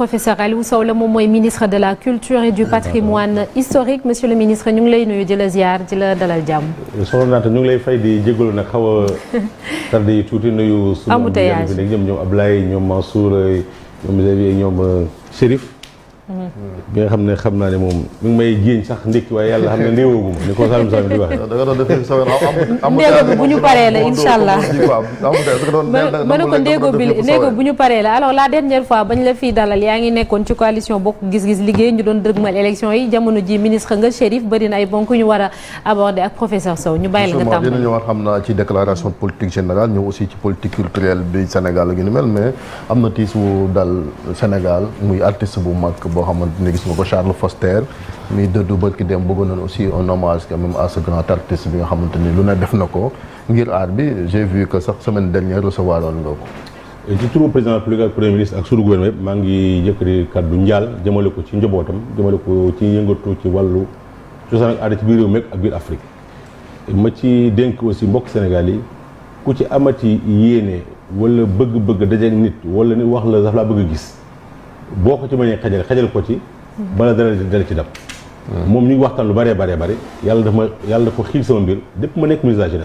professeur Aliou Sow la moom mooy ministre de la culture et du patrimoine historique monsieur le ministre ñu lay nuyu di la ziar di la dalal jàmm. soxna Naata ñu lay fay di jégalu nag xaw a tardé tuuti nuyu. amutayage suñu am bi nekk ñoom ñoom Ablaye ñoom Mansour ñoom Xavier ñoom euh, Chérif. bi ngi may jiiñ sax ndékki waaye yàlla xam ne ndéewoogu ma ni ko Saalum Saalum di waxee. da nga doon bu ñu paree la incha allah ma ne ko ndéego bi ndéego bu ñu paree la alors la dernière fois bañ la fii dalal yaa ngi nekkoon ci coalition bokk gis-gis liggéey ñu doon dëgmal élection yi jamono ji ministre nga Chérif bëri ay bonk ñu war a ak professeur Sow ñu bàyyi la nga tàmbali ci déclaration politique générale ñëw aussi ci politique culturelle bi Sénégal gi mel mais am na boo xamante ni gis nga ko Charles Foster mi dëddu bërki dem bëggoon nañ aussi un hommage quand même grand artiste bi nga xamante ni lu ne def na ko ngir aar bi j'ai vu que sax semaine dernière recevoir woon nga ko ci turu président République ak premier ministre ak sunu gouvernement maa ngi yëkkati kàddu njaal jëmale ko ci njabootam jëmale ko ci yëngatu ci wàllu cosaan ak aada ci biir réew mi ak biir Afrique ma ci dénk aussi mbokk Sénégal yi ku ci amati yéene wala bëgg-bëgg dajeeg nit wala ni wax la daf laa bëgg boo ko ci mënee xajal xajal ko ci bala dara dala ci dab moom ñu waxtaan lu bëree bëree bëri yàlla daf ma yàlla dafa xiir sama mbir dépp ma nekk ministre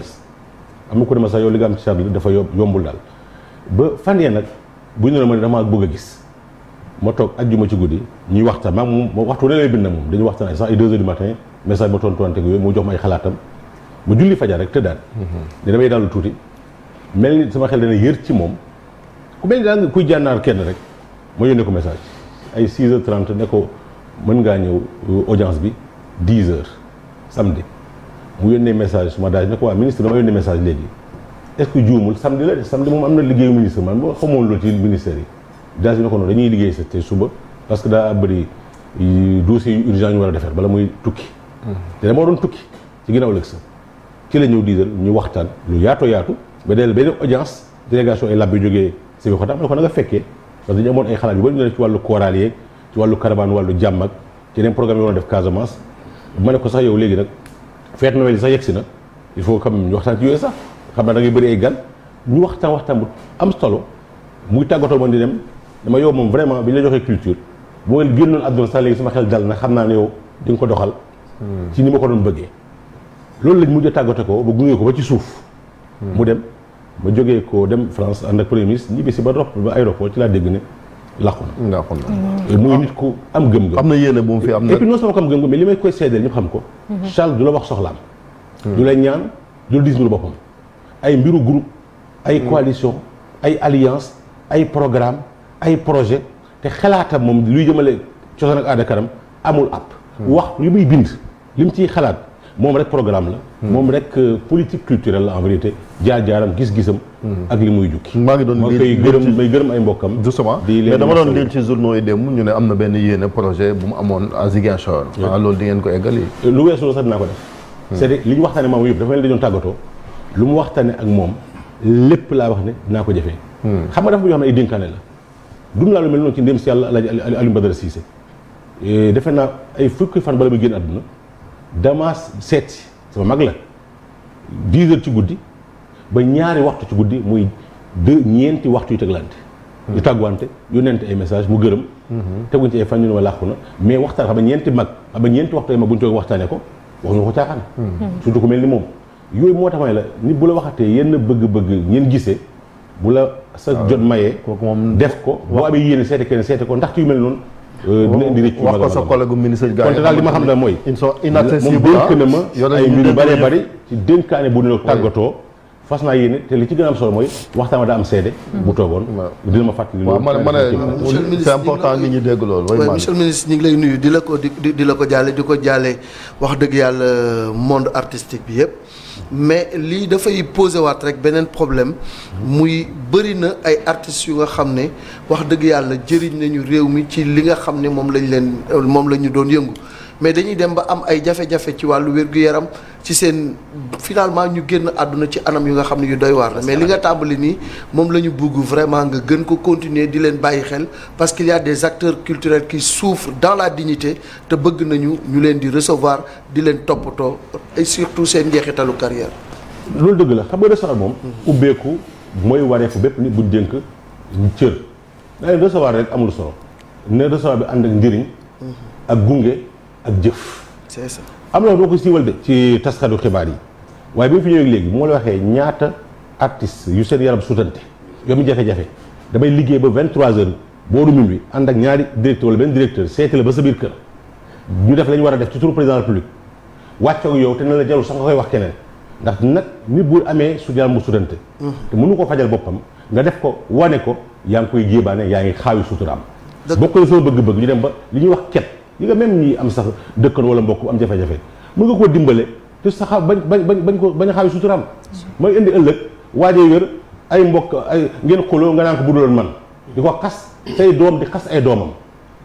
am na ku ne ma li nga am ci charge dafa yombul daal ba fan yee nag bu ñu ma ne dama bëgg gis ma toog ajjuma ci guddi ñuy waxtaan maag moom waxtu ne na moom dañuy waxtaan sax ay deux heures du matin message ma tontuwante yooyu mu jox ma ay xalaatam mu julli fajar rek tëddaan mhm. ne damay daal lu tuuti mel ni sama xel dana yër ci moom ku mel ni daal nga kuy jànnaar kenn rek ma yónnee ko message ay 6 heures 30 ne ko mën ngaa ñëw euh, audience bi 10 heures samedi mu yónnee message suma daaj ne ko waa ministre dama yónnee message léegi est-ce que juumul samedi la de moom am na liggéeyu ministre man boo xamoon loolu ci ministère yi daaj bi ne ko noonu dañuy liggéey te suba parce que daa bëri euh, dossier yu urgent ñu war a defar bala muy tukki mm-hmm. te dama doon tukki ci ginnaaw lëg sa ci la ñëw 10 heures ñu waxtaan lu yaatoo yaatu ba deel benn audience délégation ay lab yu jógee si bi xotaam na nga fekkee parce que dañu amoon ay xalaat yu bëri ñu def ci wàllu kooraal yeeg ci wàllu caravane wàllu jàmm ak ci yeneen programme yi def Casamance ma ne ko sax yow léegi nag fête Noël yi sax yegsi na il faut que même ñu waxtaan sax xam naa da ngay bëri ay gan ñu waxtaan waxtaan bu am solo muy tàggatoo man di dem dama yow moom vraiment bi ñu joxee culture bu ngeen génnoon àdduna sax léegi sama xel dal na xam naa ne yow di nga ko doxal hmm. ci ni ma ko doon bëggee loolu lañ mujj a tàggate ko ba gunge ko ba ci suuf mu dem ba jógee ko dem France ànd ak premier ministre ñibbi si ba ropp ba aéroport ci laa dégg ne làqu na muy nit ku am gëm-gëm am na yéene bu mu am et ko am gëm-gëm mais li may koy seedeel ñëpp xam ko mhm. Charles du la wax soxlaam hmm. du la ñaan du la dis mbiru boppam ay mbiru groupe ay hmm. coalition ay alliance ay programme ay projet te xalaatam moom luy jëmale cosaan ak aada kanam amul app hmm. wax li muy bind li mu ciy xalaat moom rek programme la. Hmm. moom rek euh, politique culturelle la en jaar-jaaram gis-gisam. Hmm. ak li muy jukki. maa ngi doon liir ci gërëm may gërëm ay mbokkam. justement mais dama doon liir ci journaux yi ñu ne am na benn yéene projet bu mu amoon à Ziguinchor. waaw ah, loolu di ngeen ko eggali. Euh, lu weesu loolu sax dinaa ko def. Hmm. cest à li ñu waxtaanee moom yëpp dafa mel ni dañoo tàggatoo lu mu waxtaanee ak moom lépp laa wax ne naa ko jëfee. xam ma dafa bu ñu xam ne ay dénkaane la. dund laa lu mel noonu ci ndéem si yàlla Alaaji Alioune Badara Cissé defe naa ay fukki fan bala muy génn àdduna dama seeti sama mag la dix heures ci guddi ba ñaari waxtu ci guddi muy deux ñeenti waxtu yu teglante ñu tàgguwante yónnente ay message mu gërëm mhm. teguñ ci ay fan ñu ne ma làqu na mais waxtaan xam nga ñeenti mag xam nga ñeenti waxtu ay mag bu ñu toog waxtaanee ko wax ñu ko caaxaan mhm. surtout ku mel ni moom yooyu moo tax may la nit bu la waxatee yenn bëgg-bëgg ngeen gisee bu la sa ah. jot mayee def ko boo amee yéene seete kenn seete ko ndax yu mel noonu dina euh, indi rëccu wax ko sa collègue ministre gars yi daal li ma xam ne mooy ils sont inaccessibles moom dénk na ma ay mbir yu bëree bëri ci dénkaane bu ñu tàggatoo fas naa yéene te li ci gën a am solo mooy waxtaan ma daa am seede mm. bu toogoon mm. dina ma fàttali loolu man man c'est important nit ñi dégg loolu vraiment monsieur ministre ñu ngi lay nuyu di la ko di di la ko jaale di ko jaale wax dëgg yàlla euh, monde artistique bi yëpp mais lii dafay posé waat rek beneen problème muy bëri na ay artistes yu nga xam ne wax dëgg yàlla jëriñ nañu réew mi ci li nga xam ne moom lañ leen moom la ñu doon yëngu mais dañuy dem ba am ay jafe-jafe ci wàllu wér-gu-yaram ci seen finalement ñu génn àdduna ci anam yu nga xam ne yu doy waar la mais li nga tàmbali nii moom la ñu bugg vraiment nga gën ko continuer di leen bàyyi xel parce qu'il y des acteurs culturels qui souffrent dans la dignité te bëgg nañu ñu leen di recevoir di leen toppatoo et surtout seen njeexitalu carrière loolu dëgg la xam nga recevoir moom ubbeeku mooy wareefu bépp nit bu dénk cër da leen recevoir rek amul solo ne recevoir bi ànd ak njëriñ ak gunge ak jëf. c'est ça am na doo ko siiwal de ci taskatu xibaar yi waaye bi mu fi ñëwee léegi moo la waxee ñaata artiste yu seen yaram sutante yow mi jafe-jafe damay liggéey ba 23h booru min bi ànd ak ñaari directeur wala benn directeur seeti la ba sa biir kër ñu def la war a def ci turu président de la République yow te na la jarul sax nga koy wax keneen ndax nag nit bu amee su yaram bu sutante te mënu ko fajal boppam nga def ko wane ko yaa ngi koy jéebaane yaa ngi xaawi suturaam yi nga même nii am sax dëkkan wala mbokk am jafe-jafe mën nga koo dimbale te sax bañ bañ bañ bañ ko bañ a xaawi suturaam mooy indi ëllëg waajee wér ay mbokk ay ngeen xuloo nga naan ko buduloon man di ko xas say doom di xas ay doomam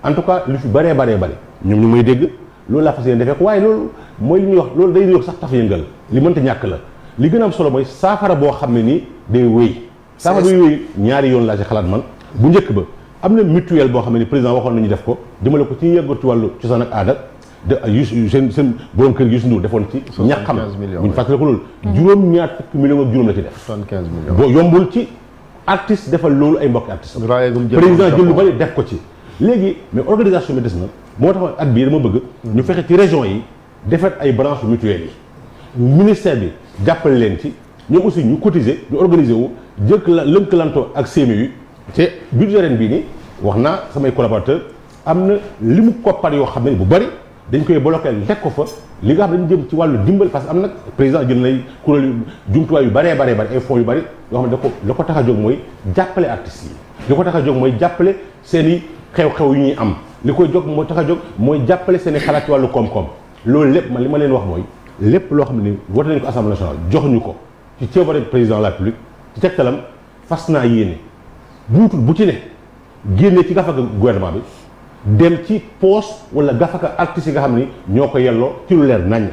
en tout cas lu fi baree baree bari ñoom ñu may dégg loolu laa fas yéene defee ko waaye loolu mooy li ñuy wax loolu day wax sax taf yëngal li mënta ñàkk la li gën a am solo mooy saafara boo xam ne nii day wéy saafara day wéy ñaari yoon laa ci xalaat man bu njëkk ba am na mutuelle boo xam ne président waxoon nañu def ko dimbale ko ci yëngu ci wàllu cosaan ak aada de yu seen seen borom kër Youssou Ndour defoon ci ñaxam bu ñu fàttaliku loolu mm. juróom-ñaar fukki million ak juróom la ci def 75 millions boo loolu ay mbokki artiste président jël lu bari def ko ci léegi mais organisation bi des na moo tax at bii dama bëgg mm. ñu fexe ci région yi defet ay branche mutuelle yi ministère bi jàppale leen ci ñoom aussi ñu cotiser ñu organiser wu jëkk la lënkalantoo ak yi te budget ren bii nii wax naa samay collaborateur am na li mu koppar yoo xam ne bu bëri dañ koy bloqué lekk ko fa li nga xam ne dañu jëm ci wàllu dimbal parce que am nag président jël nay kuréel yu jumtuwaay yu bëree bëree bëri ay fonds yu bëri yoo xam ne da ko la a jóg mooy jàppale artistes yi li ko tax a jóg mooy jàppale seen i xew-xew yu ñuy am li koy jóg moo tax a jóg mooy jàppale seen i xalaat ci wàllu koom-koom loolu lépp man li ma leen wax mooy lépp loo xam ne wote nañ ko assemblée nationale jox ñu ko ci coobare la république ci tegtalam fas naa yéene buutul bu ci ne génne ci gafaka gouvernement bi dem ci poste wala gafaka artistes yi nga xam ni ñoo ko yelloo ci lu leer naññ.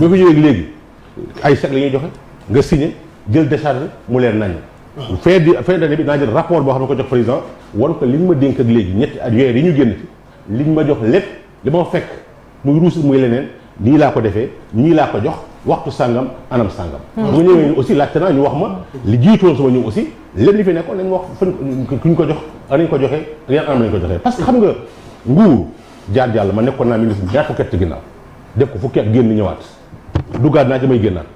ñoo ko ñëwee léegi ay chèque la ñuy joxe nga signé jël décharge mu leer naññ. waaw ah. fin di fin d'année bi naa jël rapport boo xam ne ko jox président wan ko li ñu ma dénk ak léegi ñetti at weer yi ñu génn ci li ñu ma jox lépp li ma fekk muy ruus muy leneen nii laa ko defee nii laa ko jox. waxtu sàngam anam sàngam bu ma ñëwee aussi laajte naa ñu wax ma li jiitoon sama ñëw aussi lépp li fi nekkoon nañ ma wax ko jox nañ ko joxee yan anam lañ ko joxee parce que xam nga nguur jaar jàll ma nekkoon naa ministre ñaar fukki at ginnaaw def ko fukki at génn ñëwaat duggaat naa ci may génnaat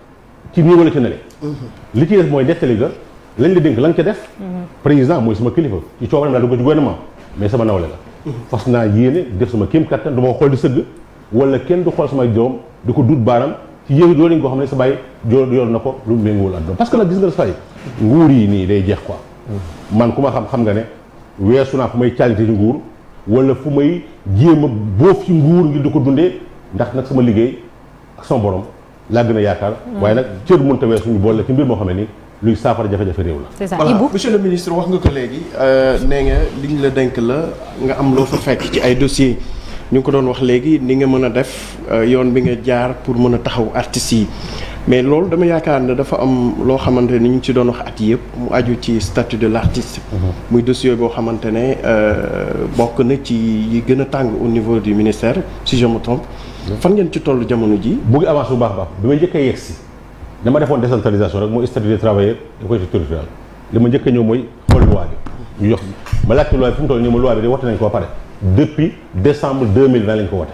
ci nii wala ci nele mhm. li ci des mooy nettali ga lañ la dénk la nga ca def mhm. président mooy sama kilifa ci coobaram laa dugg ci ma mais sama nawle la mhm. fas naa yéene def sama kéem xool di sëgg wala kenn du xool sama doom di ko duut baaram ci yéen loolu goo xam ne sa bàyyi jo yoon na ko lu méngoowul ak doom parce que nag gis nga sa nguur yi nii day jeex quoi man ku ma xam xam nga ne weesu naa fu may caalite ci nguur wala fu may jéem a boof ci nguur ngir du ko dundee ndax nag sama liggéey ak sama borom laa gën a yaakaar mm. waaye nag cër mënta weesu ñu boole ci mbir moo xam ne nii luy saafara jafe-jafe réew la. c'est ça voilà monsieur le ministre wax nga ko léegi euh, nee nga li la denk la nga am loo fa fekk ci ay dossiers. ñu ngi ko doon wax léegi ni nga mën a def euh, yoon bi nga jaar pour mën a taxaw artistes yi mais loolu dama yaakaar ne dafa am loo xamante ni ñu ngi ci doon wax at yëpp mu aju ci statut de l'artiste mhm. muy dossier boo xamante ne euh, bokk na ci yi gën a tàng au niveau du ministère si je me mhm. fan ngeen ci toll jamono ji mu ngi avancé bu baax baax bi ma jëkk a yegg dama defoon décentralisation rek mooy statut des travailleurs et collectivité ma njëkk ñëw mooy xool loi bi ñu jox ma laajte loi bi fu nañ ko pare depuis décembre 2020 lañ ko wote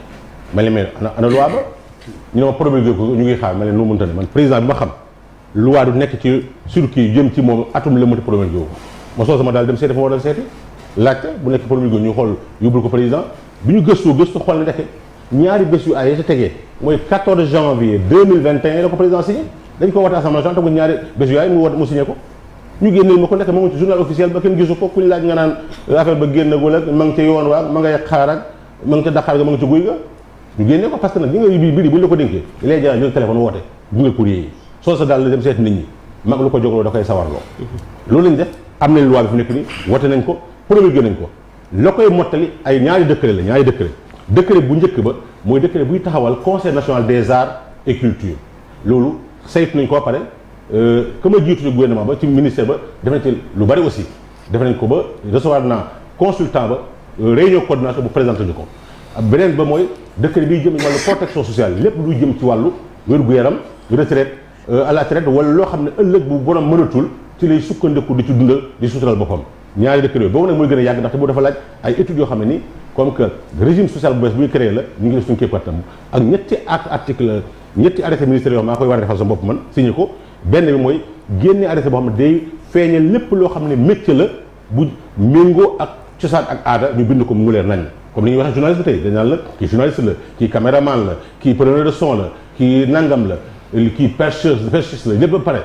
ma ne mais ana loi ba ñu ko ñu ngi xaar ma ne nu mënta ne man président bi ma xam loi du nekk ci sur jëm ci moom atum la mënta promulgué ko ma soo sama daal dem seeti fa ma war a seeti laajte bu nekk promulgué ñu xool yóbbul ko président bi ñu gëstoo gëstu xool na ñaari bés yu ay sa tegee mooy 14 janvier 2021 la ko président signé dañ ko wote assemblée bés yu ay mu ko ñu génneel ma ko nekk ma ngi ci journal officiel ba kenn gisu ko ku ñu laaj nga naan euh, affaire ba génnagul ak ma ngi yoon waag ma ngay xaar ak ma daqaar ga ma ci guy ga ñu génnee ko parce que nag li nga bi biri bu ñu la ko dénkee léegi jaa jël téléphone woote bu la da koy sawarloo mm-hmm. loolu lañ def am nañ loi bi fu nekk ni woote nañ ko promulgué nañ ko la koy mottali ay ñaari décret la ñaari décret décret bu njëkk ba mooy décret buy taxawal conseil national des arts et culture loolu saytu nañ koo pare que euh, ma jiitu gouvernement ba ci ministère ba def lu bari aussi def nañ ko ba recevoir naa consultant ba euh, réunion coordination bu présenté ñu ko ah, beneen ba mooy décret biy jëm ci wàllu protection sociale lépp luy jëm ci wàllu wér-gu-yaram retraite euh, à la loo xam ne ëllëg bu borom mënatul ci lay sukkandiku di ci dundal di sutural boppam ñaari décret yooyu boobu nag mooy gën a yàgg ndaxte boobu dafa laaj ay études yoo xam ne ni comme que régime social bu bees buy créé la ñu ngi def suñu képp kattan ak ñetti ak article ñetti arrêté ministériel yoo war a sa bopp man signé ko benn bi mooy génne arrêté boo xam ne day feeñal lépp loo xam ne métier la bu méngoo ak cosaan ak aada ñu bind ko mu leer nañ comme ni ñuy waxee journaliste tey dañ naan la kii journaliste la kii caméraman la kii preneur de son la kii la kii percheuse percheuse la lépp ba pare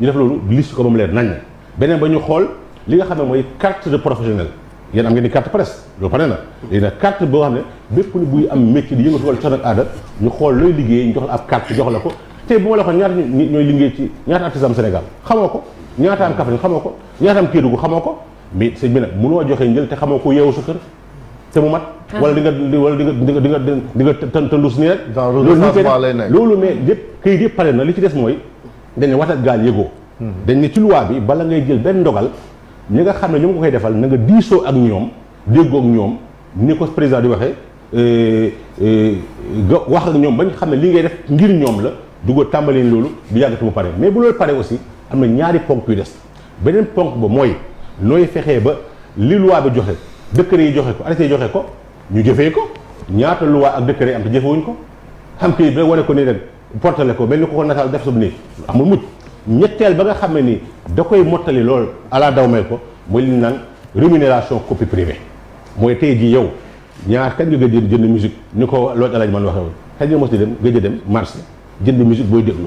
ñu def loolu liste ko ba mu leer nañ beneen ba ñu xool li nga xam ne mooy carte de professionnel yéen am ngeen di carte presse loolu pare na léegi boo xam ne bépp lu buy am métier di yëngatu wala cosaan ak aada ñu xool looy liggéey ñu jox la ab carte jox la ko tey bu ma la waxoon ñaata nit ñooy liggéey ci ñaata artiste am Sénégal ko ñaata am Kaffrine xamoo ko ñaata am Kédougou xamoo ko mais sëñ bi nag mënoo joxe njël te xamoo ko yeewu sa kër te mat. Ah. wala di nga wala di nga di nga di nga tëndus nii rek. loolu loolu mais lépp këyit yëpp pare na li ci des mooy dañ ne waxtaan gaal hmm. dañ ci loi bi bala ngay jël benn ndogal ñi nga xam ne ñoom ko koy defal na nga diisoo ak ñoom déggoo ak ñoom ni ko président di waxee nga euh, euh, wax ak ñoom bañ xam ne li ngay def ngir ñoom la dugg tàmbali loolu du yàggatu mu pare mais bu loolu pare aussi am na ñaari ponk yu des beneen ponk ba mooy nooy fexee ba li loi bi joxe décret yi joxe ko arrêté yi joxe ko ñu jëfee ko ñaata luwaa ak décret am te jëfewuñ ko xam kii bi wane ko ni rek portale ko mel ni ko ko nataal def sub nii amul mujj ñetteel ba nga xam ne ni da koy mottali lool ala daw mel ko mooy li ñu naan rémunération copie privée mooy tey jii yow ñaar kañ nga gëj jënd ko loolu man waxee woon kañ nga mos dem gëj dem marché jënd musique booy déglu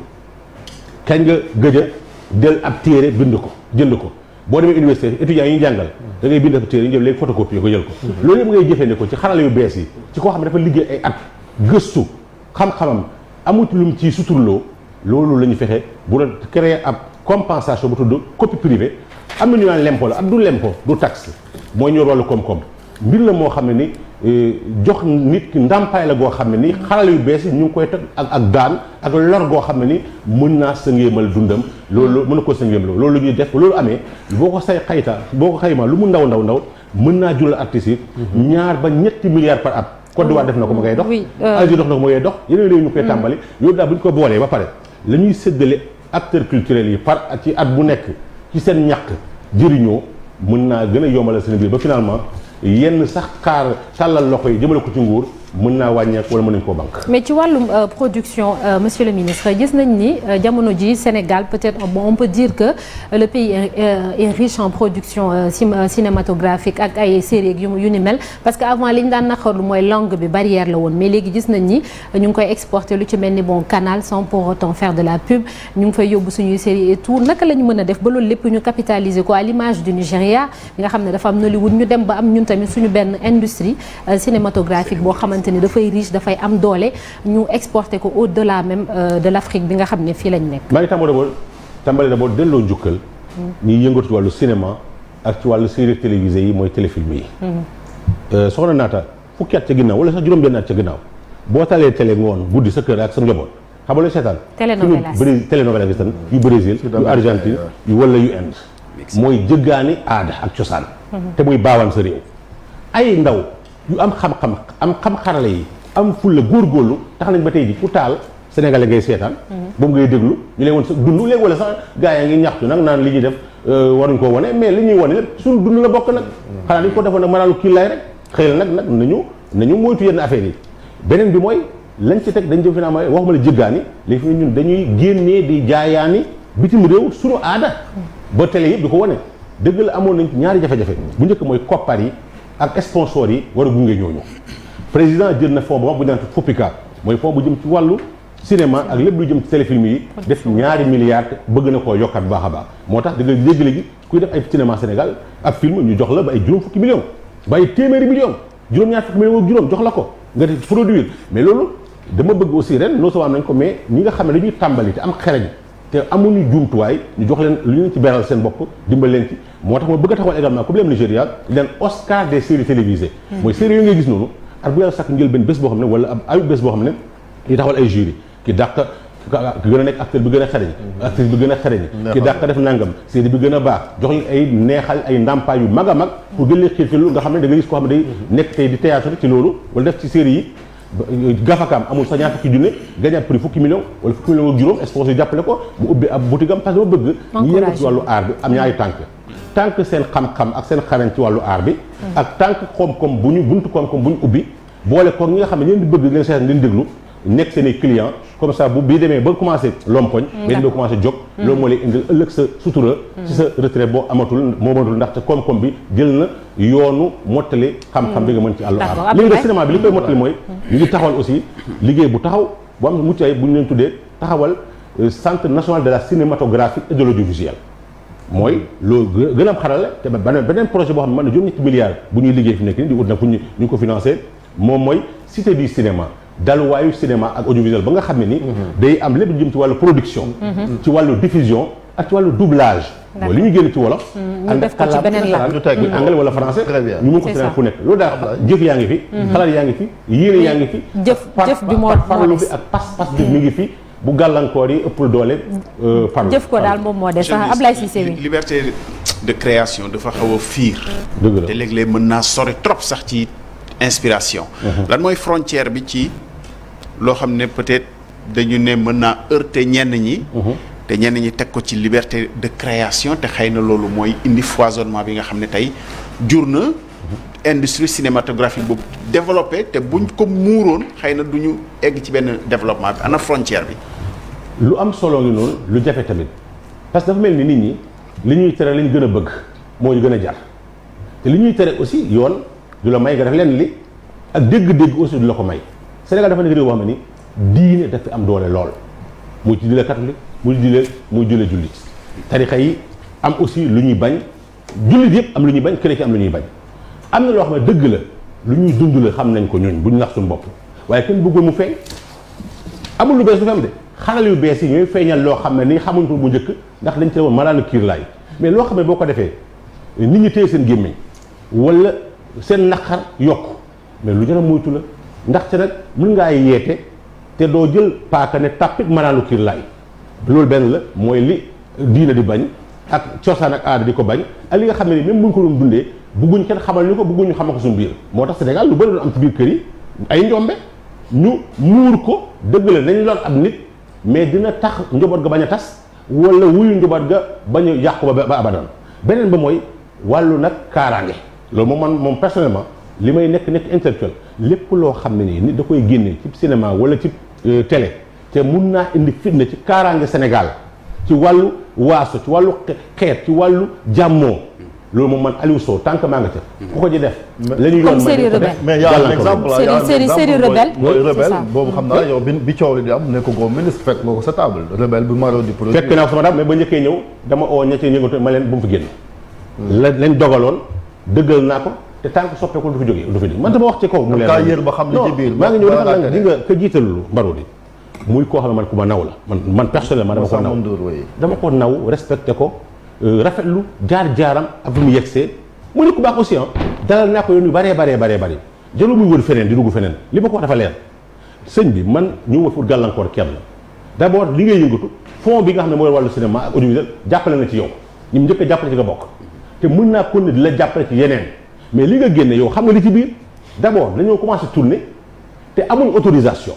kañ nga gëj a del ab téere bind ko jënd ko boo demee université étudiants yi ñu jàngal da ngay bind ab téere ñu jël léegi photocopie ko jël ko loolu yëpp ngay jëfee ne ko ci xarala yu bees yi ci koo xam ne dafa liggéey ay at gëstu xam-xamam amut lu mu ci suturloo loolu la ñu fexe bu doon créer ab compensation bu tudd copie privée am na ñu naan lempo la ab du lempo du taxe mooy ñu wàllu koom-koom mbir la moo xam ne ni Euh, jox nit ki ndàmpaay la goo xam ne ni xalal yu bees yi ñu koy teg ak ak daan ak lor goo xam ne ni mën naa sëngeemal dundam loolu mën na ko sëngeemal loolu lu ñuy def loolu amee boo ko say xayta boo ko xaymaa lu mu ndaw ndaw ndaw mën naa jural artistes mhm. ñaar ba ñetti milliards par at Côte def na ko ma ngay dox euh. Algérie dox na ko ma ngay dox yeneen réew ñu koy mhm. tàmbali yooyu daal bu ñu ko boolee ba pare lañuy ñuy séddale acteurs culturels yi par ci at bu nekk ci seen ñàkk jëriñoo mën naa gën a yombal seen ba finalement yenn sax kaar tàllal loxo yi jëmale ko ci nguur mun naa wàññeeku wala mën nañu koo banque. mais ci wàllum euh, production euh, monsieur le ministre gis nañ ni euh, jamono ji Sénégal peut-être bon on peut dire que le pays est riche en production cinématographique ak ay séries yu ni mel parce que avant li ñu daan naqarlu mooy langue bi barrière la woon mais léegi gis nañ ni ñu ngi koy exporter lu ci mel ni bon canal sans pour autant faire de la pub ñu ngi fay yóbbu suñuy séries et tout naka la ñu mën a def ba loolu lépp ñu capitaliser ko à l'image nga xam ne dafa am Nollywood ñu dem ba am ñun tamit suñu benn industrie cinématographique boo xamante xamante ni dafay riche dafay am doole ñu exporter ko au delà même euh, de l' bi nga xam ne fii lañ nekk. maa ngi tàmbali d'abord tàmbali d'abord delloo njukkal. ñuy yëngatu ci wàllu cinéma ak ci wàllu série télévisée yi mooy téléfilm yi. Mhm. Euh, soxna naata fukki at ca ginnaaw wala sax juróom-benn at ca boo talee télé ngoon guddi sa kër ak sa njaboot xam nga looy seetaan. télénovelas yu télénovelas yu Brésil yu Argentine yu wala yu Inde. mooy jëggaani aada ak cosaan. Mhm. te muy baawaan sa réew ay ndaw yu am xam-xam am xam-xarala yi am fulla góorgóorlu tax nañ ba tey di ku taal sénégalais ngay seetaan mm-hmm. boobu ngay déglu ñu leen woon sa dund léegi wala sax gars yaa ngi ñaxtu nag naan li ñuy def euh, waruñ ko wane mais li ñuy wane lépp suñu dund la bokk nag mm-hmm. xanaa ko defoon nag maanaam kii lay rek xëy la nag nag nañu nañu moytu yenn affaire yi beneen mooy lañ si teg dañ jëf naa mooy waxuma la jëggaani léegi fi ñun dañuy génnee di jaayaani bitim réew suñu aada mm-hmm. ba télé yëpp di ko wane dëgg la amoon nañ ñaari jafe-jafe bu njëkk mooy koppar yi ak sponsors yi war a gunge ñooñu président jël na fond bu bu ñu naan FOPICA mooy fond jëm ci wàllu cinéma ak lépp lu jëm ci téléfilm yi def ñaari milliards bëgg na koo yokkaat baax a baax moo tax da nga léegi léegi kuy def ay cinéma Sénégal ak film ñu jox la ba ay juróom fukki millions ba ay téeméeri millions juróom-ñaar fukki millions ak juróom jox la ko nga def produire mais loolu dama bëgg aussi ren non seulement nañ ko mais ñi nga xam ne dañuy tàmbali te am xereñ te amuñu jumtuwaay ñu jox leen lu ci beral seen bopp dimbal leen moo tax ma bëgg a taxawal également problème Nigéria leen Oscar des séries télévisées mooy séries yu ngay gis noonu at bu yàlla sàkk njël bés boo xam ne wala ab ayu bés boo xam ne ñu taxawal ay jury ki dàq ki gën a bi gën a xereñ actrice bi gën a xereñ def nangam série bi gën a baax jox leen ay neexal ay ndàmpaay yu mag a mag pour gën leen xiir loolu nga xam ne da nga gis koo xam ne day nekk tey di théâtre ci loolu wala def ci série yi gafakaam amul sa ñaar fukki junne gañaat prix fukki million wala fukki million ak juróom sponsor jàppale ko mu ubbi ab boutique am parce que ma bëgg ñu yëngu ci wàllu aar bi am mm-hmm. ñaari tànk tànk seen xam-xam ak seen xarañ ci wàllu aar bi mm. ak tànk koom-koom bu ñu buntu koom-koom bu ñu ubbi boole koog ñi nga xam ne leen di bëgg leen seetaan leen déglu nekk seen i client comme ça bu bii demee ba commencé lompoñ mm, nga demee commencé jóg mm. loolu moo lay sa sutura mm. ci sa boo amatul moo amatul ndaxte koom-koom bi jël na yoonu mottali xam-xam bi nga mën ci àllu aar li koy mooy ñu ngi taxawal aussi liggéey bu taxaw bu am mucc bu ñu tuddee taxawal euh, centre national de la cinématographie et de l'audiovisuel mooy loolu gën a xarala te beneen beneen projet boo xam ne man na juróom-ñetti milliards bu ñuy liggéey fi nekk nii di ut nag fu ñu ñu ko financé moom mooy cité du cinéma daluwaayu cinéma ak audiovisuel ba nga xam ne ni mhm. day am lépp jëm ci wàllu production mhm. ci wàllu diffusion ak ci wàllu doublage mooy li ñu génn ci wolof mhm. ñu def ko ci beneen làkk wala français ñu mën ko loolu daal jëf yaa ngi fi xalaat yaa ngi fi yéene yaa ngi fi jëf jëf bi moo farlu fi ak pas pas bi mi ngi fi bu gàllankoor yi ëppul doole farlu euh, jëf ko daal moom moo de sax Ablaye Cissé liberté de création dafa xaw a fiir dëgg la léeg-léeg mën naa sori trop sax ci inspiration. Uh-huh. lan mooy frontière bi ci loo xam ne peut-être dañu ne mën naa te ñenn ñi. Uh-huh. te ñenn ñi teg ko ci liberté de création te xëy na loolu mooy indi foisonnement bi nga xam ne tey jur na. Uh-huh. industrie cinématographique boobu développé te bu buñ ko muuroon xëy na du ñu egg ci benn développement bi ana frontière bi. lu am solo ngi noonu lu jafe tamit parce que dafa mel ni nit ñi li ñuy tere lañ gën a bëgg moo ñu gën a jar te li ñuy tere aussi yoon. du la may nga def lenn li ak dégg-dégg aussi du la ko may Sénégal dafa nekk réew boo xam ne diine daf fi am doole lool muy ci diine catholique muy diine muy jule jullit tarixa yi am aussi lu ñuy bañ jullit yëpp am lu ñuy bañ chrétien am lu ñuy bañ am na loo xam ne dëgg la lu ñuy dund la xam nañ ko ñooñ bu ñu nax suñu bopp waaye kenn bëggul mu feeñ amul lu bees du fi de xalal yu bees yi ñooy feeñal loo xam ne ni xamuñ ko bu njëkk ndax dañ ci woon malaanu kiir laay mais loo xam ne boo ko defee nit ñi téye seen gémmiñ seen naqar yokk mais lu jar a moytu ndax ndaxte nag mën ngaa yeete te doo jël paaka ne tàppit manaanu kiir laay loolu benn la mooy li diina di bañ ak cosaan ak aada di ko bañ ak li nga xam ne même buñ ko doon dundee bugguñ kenn xamal ñu ko bëgguñu xam xamal ko suñu biir moo tax Sénégal lu bëri doon am ci biir kër yi ay njombe ñu muur ko dëgg la nañ lor ab nit mais dina tax njaboot ga bañ a tas wala wuyu njaboot ga bañ a yàqu ba ba abadan beneen ba mooy wàllu nag kaaraange loolu moom man moom personnellement li may nekk nekk intellectuel lépp loo xam ne nii da koy génne ci cinéma wala ci euh, télé te mun naa indi fitna ci kaaraange Sénégal ci wàllu waaso ci wàllu xeet ci wàllu jàmmoo loolu moom man Aliou Sow tant que maa nga ca ku ko ci def la yoon may mais y a xam naa yow bi coow li di am ne ko góob ministre fekk nga ko sa table rebelle bi maro di produit fekk naa ko sama table mais ba njëkkee ñëw dama oo ña ma leen bu mu fi génn hmm. la lañ dogaloon dëggal naa ko te tànk soppeekul du fi jóge du man dama wax ci kaw mu leer yër ba xam li ci biir maa ngi ñëw dafa nag di nga ko jiitalul mbaru di xam ne man ku ma naw la man man personnellement dama ko naw dama ko naw euh, lu jaar-jaaram ak lu mu yegsee mu ne ku baax aussi ah dalal naa ko yoon yu baree baree bare bëri jëlu muy wër feneen di dugg feneen li ma ko wax dafa leer sëñ bi man ñu ma pour gàllankoor kenn d' abord li ngay yëngatu fond bi nga xam ne mooy wàllu cinéma ak audiovisuel jàppale na ci yow ñi mu njëkk jàppale ci nga bokk te mën naa kon di la jàppale ci yeneen mais li nga génne yow xam nga li ci biir d' abord dañoo commencé tourner te amul autorisation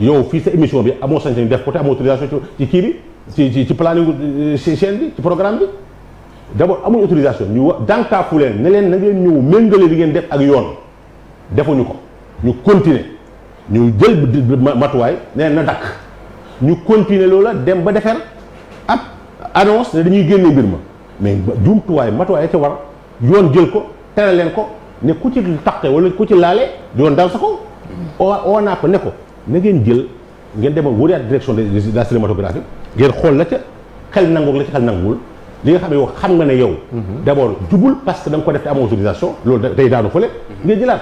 yow fii sa émission bi amoon sañ-sañ def ko te amoo autorisation ci kii bi ci ci ci planning euh, ci chaîne bi ci programme bi d' abord autorisation ñu wax dànkaafu leen ne leen na ngeen ñëw méngale li ngeen def ak yoon defuñu ko ñu continuer ñu jël matuwaay ne na dakk ñu continuer loola dem ba defar ab annonce ne dañuy génne mbir ma. mais jumtuwaay matuwaay ca war yoon jël ko tere leen ko ne ku ci taqe wala ku ci laale yoon dal sa ko o oo naa ko ne ko na ngeen jël ngeen demoon wëriyaat direction de la cinématographie ngeen xool la ca xel nangoog la ca xel nanguwul li nga xam ne yow xam nga ne yow mhm. d'abord jubul parce que da ko def te amoo autorisation loolu day daanu fële ngeen jëlaat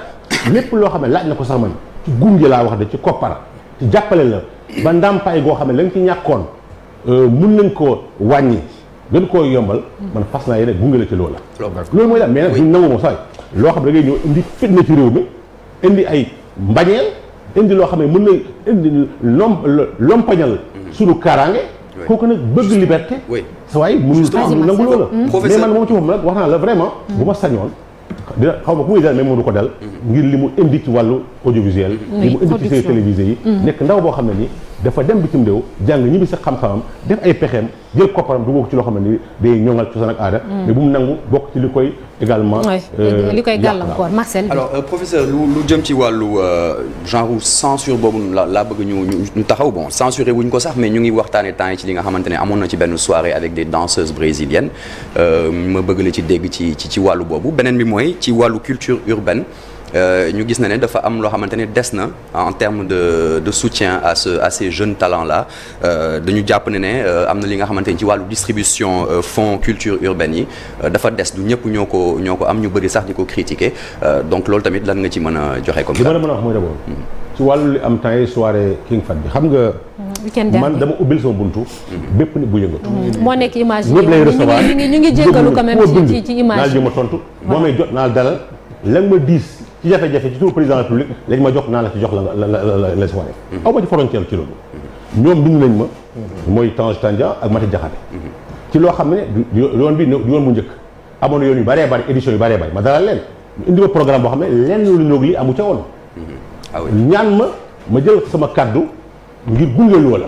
lépp loo xam ne laaj na ko sax man ci gunge laa wax da ci koppar ci jàppale la ba ndàmpaay goo xam ne la nga ci ñàkkoon euh, mun nañ ko wàññi gën koo yombal man fas naa yéene gunge la ci loola loolu mooy daal mais nag duñ nangu moom sax loo xam ne ngay ñëw indi fitna ci réew mi indi ay mbañeel indi loo xam ne mën na indi lom lompañal suñu kaaraange kooku nag bëgg liberté sa waay mënul tax ñu nangu loola mais man moom ci moom nag wax naa la vraiment hmm. bu ma sañoon dina xaw ma ku muy dal mais moom du ko dal hmm. ngir li mu indi ci wàllu audiovisuel hmm. li mu indi ci série télévisée yi nekk ndaw boo xam ne nii dafa dem bitim réew jàng ñibbi si xam-xamam def ay pexeem jël kopparam du bokk ci loo xam ne ni day ñoŋal cosaan ak aada. Mm. mais bu mu nangu bokk ci li koy également. Euh, li koy gàllankoor Marcel. alors euh, professeur lu lu jëm ci wàllu euh, genre censure boobu la laa bëgg ñu ñu taxaw bon censuré wuñ ko sax mais ñu ngi waxtaanee temps ci li nga xamante ne amoon na ci benn soirée avec des danseuses brésiliennes ma bëgg la ci dégg ci ci ci wàllu boobu beneen bi mooy ci wàllu culture urbaine. Euh, ñu gis na ne dafa am loo xamante ne des na en termes de de soutien a ce jeune ces jeunes euh, dañu jàpp ne ne euh, am na li nga xamante ni ci wàllu distribution fonds culture urbaine yi dafa des du ñëpp ñoo ko ñoo ko am ñu bari sax di ko critiquer donc loolu tamit lan nga ci mën a joxe comme li ma la mën a mm-hmm. ci wàllu li am temps yi soirée King Fat bi xam nga. Mm-hmm. man dama ubbil sama buntu. Mm-hmm. bépp nit bu yëngatu. moo nekk image yi ñëpp lay recevoir ñu ngi ñu ngi jéggalu ci image yi. naal dalal lan ma diis. ci jafe-jafe ci turu président de la République léegi ma jox naa la ci jox la la la la si war a aw ma ci frontière ci loolu ñoom bind nañ ma mhm. mooy Tange Tandian ak Mati Jaxate ci loo xam ne du yoon bi du yoon mu njëkk amoon na yoon yu baree bëri édition yu bëree bëri ma dalal leen indi programme boo xam ne lenn lu ñoog lii amu ca woon mhm. ah ñaan ma ma jël sama kaddu ngir gunge lu wala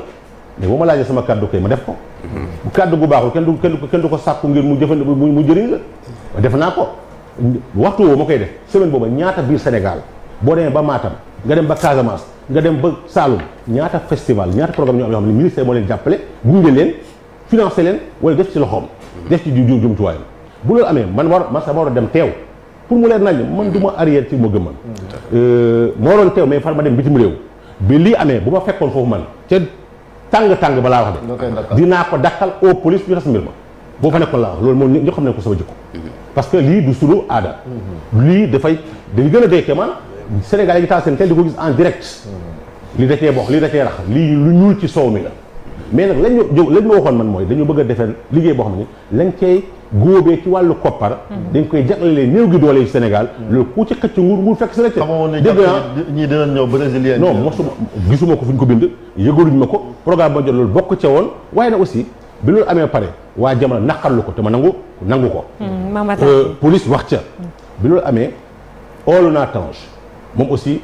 mais boo ma laajee sama kaddu kay ma def ko mhm. bu kaddu bu baaxul kenn du kenn ko sàkku ngir mu jëfandikoo mu jëriñ def naa ko waxtu woo ma koy def semaine booba ñaata biir Sénégal boo demee ba Matam nga dem ba Casamance nga dem ba Saloum ñaata festival ñaata programme ñoo am yoo xam ne ministère jàppale gunge leen financé leen wala def ci loxoom. def ci ju jumtuwaayam bu loolu amee man war man sax war a dem teew pour mu leer nañ man du ma arrière ci euh, ma gëm moo doon teew mais ma dem bitim réew bi lii amee bu ma fekkoon foofu man ca tàng-tàng balaa wax de. dinaa ko dakkal au police boo fa nekkoon loolu moom ñoo xam ne ko sama jikko mm-hmm. parce que lii du sunu aada. lii dafay dañu gën a dekke man Sénégal yi taal seen télé ko gis en direct. li da cee li da cee rax lii lu ñuul ci soow mi la. mais nag lañ ñu lañ ma waxoon man mooy dañu bëgg a defee liggéey boo xam ne lañ cay góobee ci wàllu koppar. dañ koy jaglelee néew gi doole yu Sénégal. loolu ku ci xëcc nguur nguur fekk si la ca. dégg naa ñii dinañ ñëw brésilien non mosuma gisuma ko fu ñu ko bind. yëgaluñ ma ko programme ba jot loolu bokk ca woon waaye nag aussi bi loolu amee pare waa jamono naqarlu ko te ma nangu nangu ko. Hmm, euh, police wax ca. bi loolu amee olu naa Tange moom aussi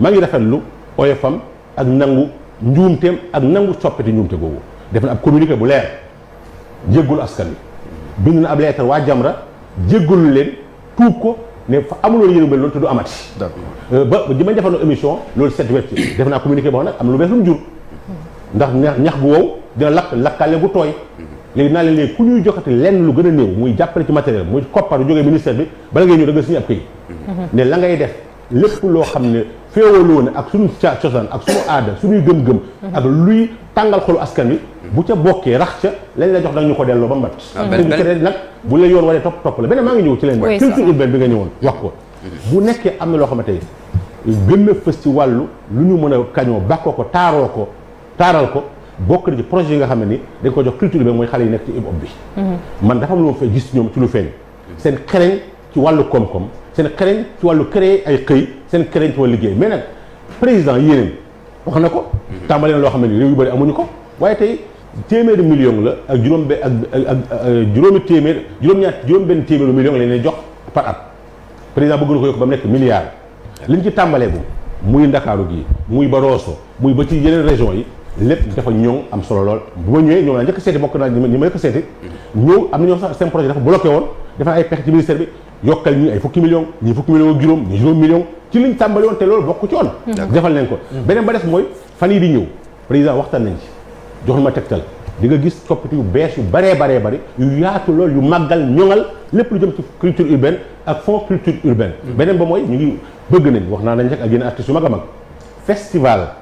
maa ngi rafetlu oyofam ak nangu njuumteem ak nangu soppite njuumte googu def na ab communiqué bu leer jéggul askan wi na ab leetar waa Jamra jéggalu leen tuub ko ne fa amuloon yéen mel noonu te du amati. d'accord euh, ba ba ma defoon émission loolu set wecc def naa communiqué boo xam ne am na lu bees lu jur. ndax ñax ñax bu wow. dina lakk lakkale gu tooy léegi naa leen léegi ku ñuy joxati lenn lu gën a néew muy jàppale ci matériel muy koppar bu jógee ministère bi bala ngay ñëw da nga la ngay def lépp loo xam ne féewaloo ne ak suñu cosaan ak suñu aada suñuy gëm-gëm ak luy tàngal xolu askan wi bu ca bokkee rax ca lañ la jox danga ñu ko delloo ba mbat te ñu crée nag bu la yoon waree topp topp la beneen maa ngi ñëw ci leen culture urbaine bi nga ñëwoon wax ko bu nekkee am na loo xamante gën a fës ci wàllu lu ñu mën a kañoo ko taaroo ko taaral ko bokk na ci projet yi nga xam ne ni dañ ko jox culture bi mooy xale yi nekk ci IBOP bi mm-hmm. man dafa am lu ma fa gis ñoom ci lu feeñ seen xereñ ci wàllu koom-koom seen xereñ ci wàllu créer ay xëy seen xereñ ci wàllu liggéey mais nag président yéeneen wax na ko mm-hmm. tàmbali na loo xam ne ni réew yu bëri amuñu ko waaye tey téeméeri million la ak juróom be ak ak euh, téeméer juróom-ñaar juróom benn téeméeru million la ne jox par at président bëgg na ko yokk ba mu nekk milliard liñ ci tàmbalee bu muy ndakaaru gi muy ba Rosso muy ba ci yeneen région yi lépp dafa ñëw am solo lool bu ma ñëwee ñoom laa njëkk seeti bokk naa ñi ma njëkk seeti ñëw am na ñoom sax seen projet dafa bloqué woon dafa ay pexe ci ministère bi yokkal ñi ay fukki million ñi fukki million ak juróom ñi juróom million ci liñ tàmbali woon te loolu bokk ci defal nañ ko mm. beneen ba des mooy fan yi di ñëw président waxtaan nañ ci jox ma tegtal di nga gis coppite yu bees yu baree baree bari yu yaatu lool yu màggal ñoŋal lépp lu jëm ci culture urbaine ak fond culture urbaine mm. beneen ba mooy ñu ngi bëgg nañ wax naa nañ rek ak yenn artistes yu mag a mag festival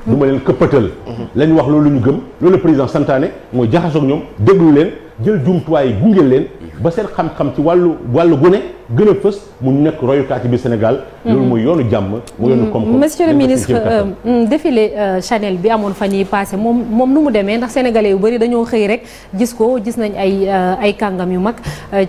du ma leen këppatal lañ wax loolu ñu gëm loolu président santaane mooy jaxasoog ñoom déglu leen jël jumtuwaay yi leen ba seen xam-xam ci wàllu wàllu gune gën fës mu nekk royukaay ci Sénégal loolu mooy yoonu jàmm mu yoonu mm-hmm. koom-koom monsieur le ministre euh, mm, défilé euh, Chanel bi amoon fan yi moom moom nu mu demee ndax sénégalais yu bëri dañoo xëy rek gis ko gis nañ ay euh, ay kàngam yu mag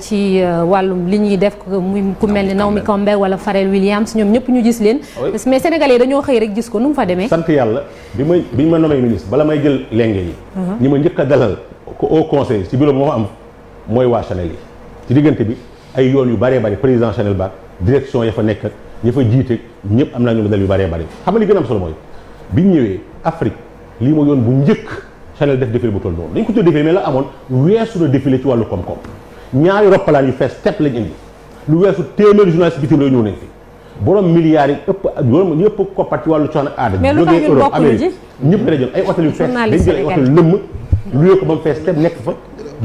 ci wàllum li ñuy def muy ku mel ni Naomi Campbell wala Pharrell Williams ñoom ñëpp ñu gis leen ah mais sénégalais dañoo xëy rek gis ko nu mu fa demee sant yàlla la bi may bi ñu ma nommé ministre bala may jël lenge yi mhm. ñi ma njëkk a dalal au conseil ci bureau bi moo fa am mooy waa Chanel yi ci diggante bi ay yoon yu bëree président Chanel ba direction ya fa nekk ak ña fa jiite ñëpp am naa ñu la dal yu bëree bëri xam nga li gën a am solo mooy bi ñëwee Afrique lii mooy yoon bu njëkk Chanel def défilé bu toll noonu dañ ko tuddee défilé mais la amoon weesu na défilé ci wàllu koom-koom ñaari roppalaan yu fees tepp boroom milliards yi ëpp borom ëpp koppar ci wàllu coono aada. jógee Europe Amérique ñëpp dañu jël ay hôtel yu fees dañu jël ay hôtel lëmm luyee ko ba nekk fa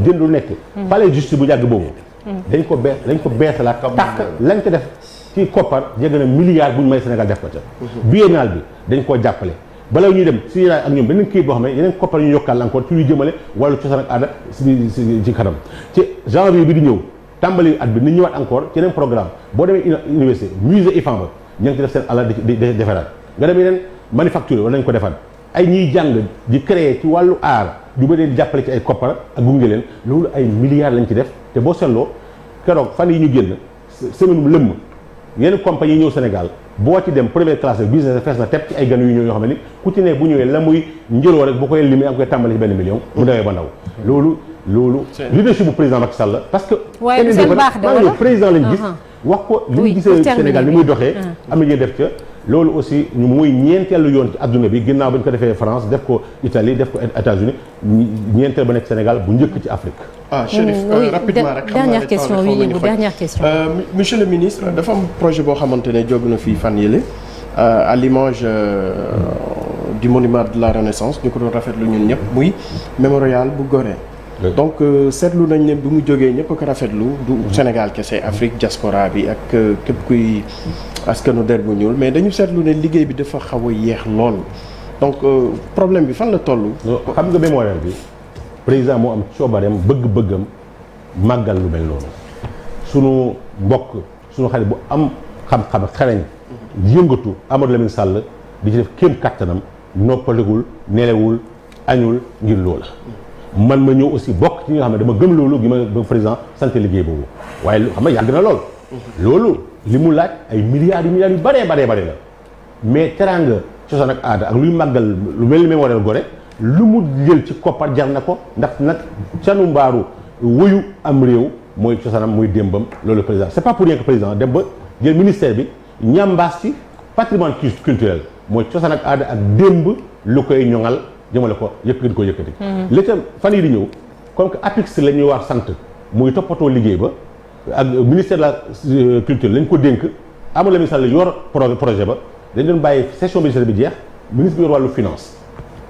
jënd lu nekk hmm. palais bu jàgg boobu hmm. dañ ko bees dañ ko bees la tàkk lañ ko def ci koppar jege na milliard bu may Sénégal def ko ca hmm. biennale bi dañ koo jàppale balaw ñuy dem si ak ñoom beneen kii boo xam ne yeneen koppar ñu yokkaal encore ci luy jëmale wàllu cosaan ak aada si ci kanam ci janvier bi di ñëw tàmbali at bi ñu ñëwaat encore ci yeneen programme boo demee université musée IFAN ba ña ci def seen alal di defaraat nga dem yeneen manufacture war nañ ko defaat ay ñiy jàng di créer ci wàllu aar du ba dee jàppale ci ay koppar ak gunge leen loolu ay milliards lañ ci def te boo seetloo keroog fan yi ñu génn semaine bu lëmm yenn compagnie yi ñëw Sénégal boo ci dem première classe rek business fees na tepp ci ay gan yu ñëw yoo xam ne ni bu ñëwee la muy njëloo rek bu koy limee am koy tàmbali ci mu dawee ba ndaw loolu. leadership bu président Macky Sall parce que. waaye du seen baax président lañ gis. Uh-huh. wax ko li ñu gisee Sénégal ni muy doxee. Uh-huh. am na ñuy def ca. loolu aussi ñu muy ñeenteelu yoon ci àdduna bi ginnaaw ba ñu ko defee France def ko Italie def ko États-Unis ñeenteel ba nekk Sénégal bu njëkk ci Afrique. ah Chérif mm, euh, rek xam naa ne question oui dernière question. Euh, monsieur le ministre dafa projet boo xamante ne jóg na fii fan yële euh, à l'image du monument de la Renaissance ñu ko doon rafetlu ñun ñëpp muy mémorial bu Gorée. donc euh, seetlu nañ ne bi mu jógee ñëpp ko rafetlu. du mhm. Sénégal kese Afrique diaspora bi ak euh, képp kuy askanu der bu ñuul mais dañu seetlu ne liggéey bi dafa xaw a yéex lool donc euh, problème bi fan la toll. xam nga mémoire bi président moo am coobareem bëgg-bëggam màggal lu mel noonu sunu mbokk sunu xarit bu am xam-xam xarañ yëngatu Amadou Lamine Sall di ci def kéem kattanam noppalegul nelewul añul ngir loola. man ma ñëw aussi bokk ci ñi nga xam ne dama gëm loolu gi ma ba président sant liggéey boobu waaye lu xam nga yàgg na lool. loolu li mu laaj ay milliards yu milliards yu baree baree baree la mais teraanga cosaan ak aada ak luy màggal lu mel ni mémorial Gorée lu mu jël ci koppar jar na ko ndax nag canu mbaaru woyu am réew mooy cosaanam muy démbam loolu président c'est pas pour rien que président dem ba jël ministère bi ñambaas ci patrimoine culturel mooy cosaan aada ak démb lu koy ñoŋal. jëmale ko yëkk gën koo yëkkati hmm. li tam fan yi di ñëw comme que APIX la ñuy war sant muy toppatoo liggéey ba ak ministère la euh, culture lañ ko dénk amul la ministère la yor projet ba dañ doon bàyyi session budgétaire bi jeex ministre bi yor wàllu finance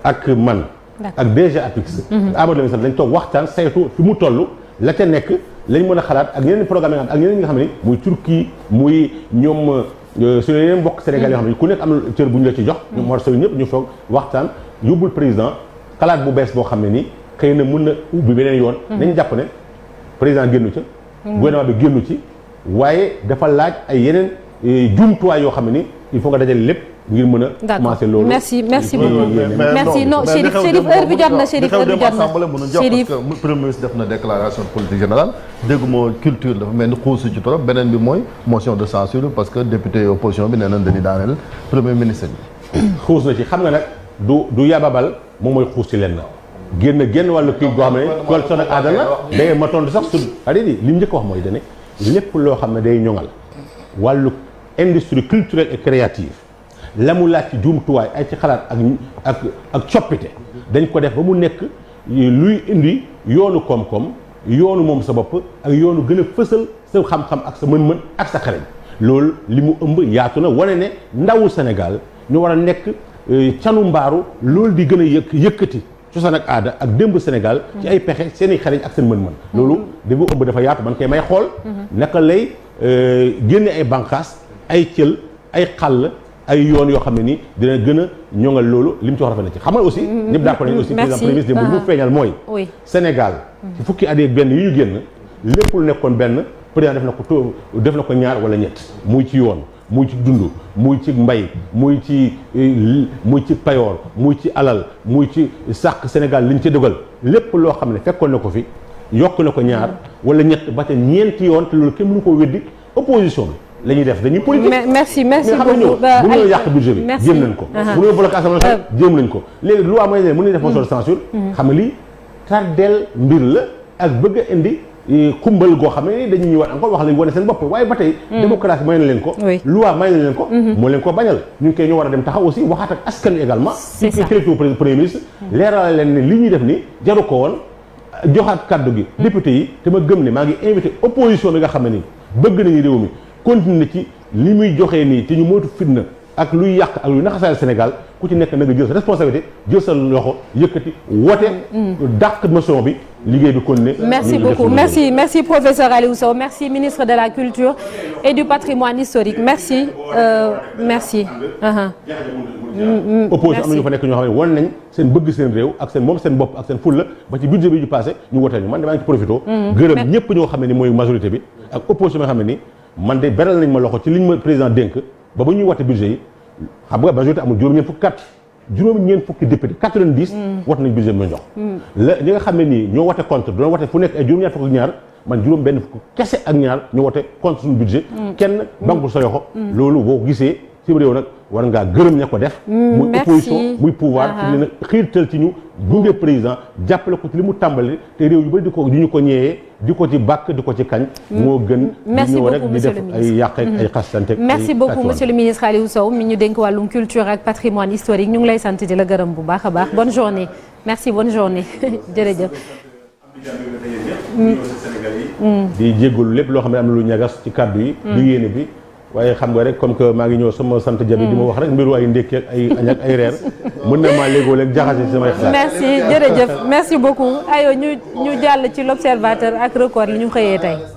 ak man ak DG APIX hmm. amul la ministère lañ toog waxtaan saytu fi mu toll la ca nekk lañ mën a xalaat ak yeneen programme yi nga xam ak nga xam ne muy Turquie muy ñoom euh, suñu yeneen mbokk Sénégal yoo xam ne ku nekk am na bu ñu la ci jox ñoom war soyu ñëpp ñu foog waxtaan yóbbul président xalaat bu bees boo xam ne nii xëy na mun na ubbi beneen yoon. Mhm. nañu jàpp ne président génnu ca. Mhm. gouvernement bi génnu ci. waaye dafa laaj ay yeneen eh, jumtuwaay yoo xam ne ni il faut nga dajale lépp. ngir mën a commencé loolu merci merci beaucoup merci non heure bi jot na Chérif heure bi jot na Chérif parce que premier def na déclaration politique générale dégguma culture dafa mel ni xuusu ci trop beneen bi mooy motion de censure parce que député opposition bi nee nañ dañuy daaneel premier ministre bi xuus na ci du du yababal moom mooy xuus ci lenn. génn génn wàllu kii goo xam ne tool son ak aada la da ma tontu li mu njëkk wax mooy dane lépp loo xam ne day ñoŋal wàllu industrie culturelle et créative la mu laaj ci jumtuwaay ay ci xalaat ak ak ak coppite dañ ko def ba mu nekk luy indi yoonu koom-koom yoonu moom sa bopp ak yoonu gën a fësal sa xam-xam ak sa mën-mën ak sa xarañ loolu li mu ëmb yaatu na wane ne ndawu Sénégal ñu war a nekk Euh, canu mbaaru loolu di gën a yëkk yëkkati cosaan ak aada ak démb Sénégal ci ay pexe seen i ak seen mën-mën loolu damu ëmb dafa yaatu man koy may xool naka lay euh, génne ay bànqaas ay cël ay xàll ay yoon yoo xam ne nii dina gën a ñoŋal loolu li mu ci wax rafet na ci xam nga aussi mm-hmm. ñëpp d'accord ne aussi président premier ministre démb lu ah. feeñal mooy Sénégal ci fukki at benn yu ñu génn lépp lu nekkoon benn président def na ko def na ko ñaar wala ñett muy ci yoon muy ci dund muy ci mbay muy ci eh, muy ci payoor muy ci alal muy ci sàq Sénégal liñ ci dugal lépp loo xam ne fekkoon na ko fi yokk na ko ñaar wala ñett ba te ñeenti yoon te loolu kenn mënu ko weddi opposition bi la ñuy def dañuy politique. merci merci beaucoup ba bu ñu yàq budget bi jéem nañ ko. bu ñu bloqué assemblée euh, jéem nañ ko léegi loi mooy ne mën nañu def motion de censure. Mm-hmm. xam nga lii tardeel mbir la ak bëgg a indi. Eh, xumbal goo xam ne dañuy ñëwaat encore wax lañu wane seen bopp waaye ba tey hmm. démocratie may na leen ko loi may na leen ko hmm. moo leen ko bañal ñu ngi koy ñoo war a dem taxaw aussi waxaat ak askan wi également ñu koy crito premier ministre hmm. leeral leen ne li ñuy def ni jaru ko woon joxaat kàddu gi député yi te ma gëm ne maa ngi invité opposition bi nga xam ne nii bëgg nañu réew mi continuer ci li muy joxe nii te ñu moytu fitna ak luy yàq ak luy naxasaay Sénégal ku ci nekk na nga jël sa responsabilité jël sa loxo yëkkati woote. dàq motion bi liggéey bi kon ne. merci beaucoup merci merci professeur Aliou Sow merci ministre de la culture et du patrimoine historique merci euh, merci. Uh-huh. Mm, mm, opposition am na ñu fa nekk ñoo xam ne wan nañ seen bëgg seen réew ak seen moom seen bopp ak seen fulla ba ci budget bi ñu passé ñu wootee ñu man damaa ngi ci profito mm, gërëm ñëpp ñoo xam ne ni mooy majorité bi ak opposition bi nga man de beral nañ ma loxo ci liñ ma président dénk ba ba ñuy wote budget yi xam nga majorité amul juróom-ñeent fukki kat juróom-ñeent fukki député 90. wote nañ budget bi ma jox. Mm. la ñi nga xam ne nii ñoo wote contre doon wote fu nekk ay juróom-ñaar fukk ak ñaar man juróom benn fukk kese ak ñaar ñu wote contre suñu budget. Mm. kenn banque bu sa loxo. Mm. loolu boo gisee. cim réew nag war ngaa gërëm ña ko def mm, muy opposition muy pouvoir ci leen a jàppale ko ci li mu tàmbali te réew yu bëri di ko di ñu ko ñeewee di ko ci bàkk di ko ci kañ mm. moo gën mm. ñëw rek di def ay yàq ak mm-hmm. ay xastante merci beaucoup monsieur le ministre Aliou Sow mi ñu dénk wàllum culture ak patrimoine la gërëm bu baax a baax bonne journée merci bonne journée jërëjëf di jéggalu lépp loo xam ne am lu ñagas ci kàddu yi du yéene bi waaye xam nga rek comme que maa ngi ñëw sama sant jabi di ma wax rek mbiru ay ndékki ak ay añ ay reer mën na maa léegoo léeg jaxase si samay xalaat merci jërëjëf merci beaucoup ayo ñu ñu jàll ci l'observateur ak record yi ñu xëyee tey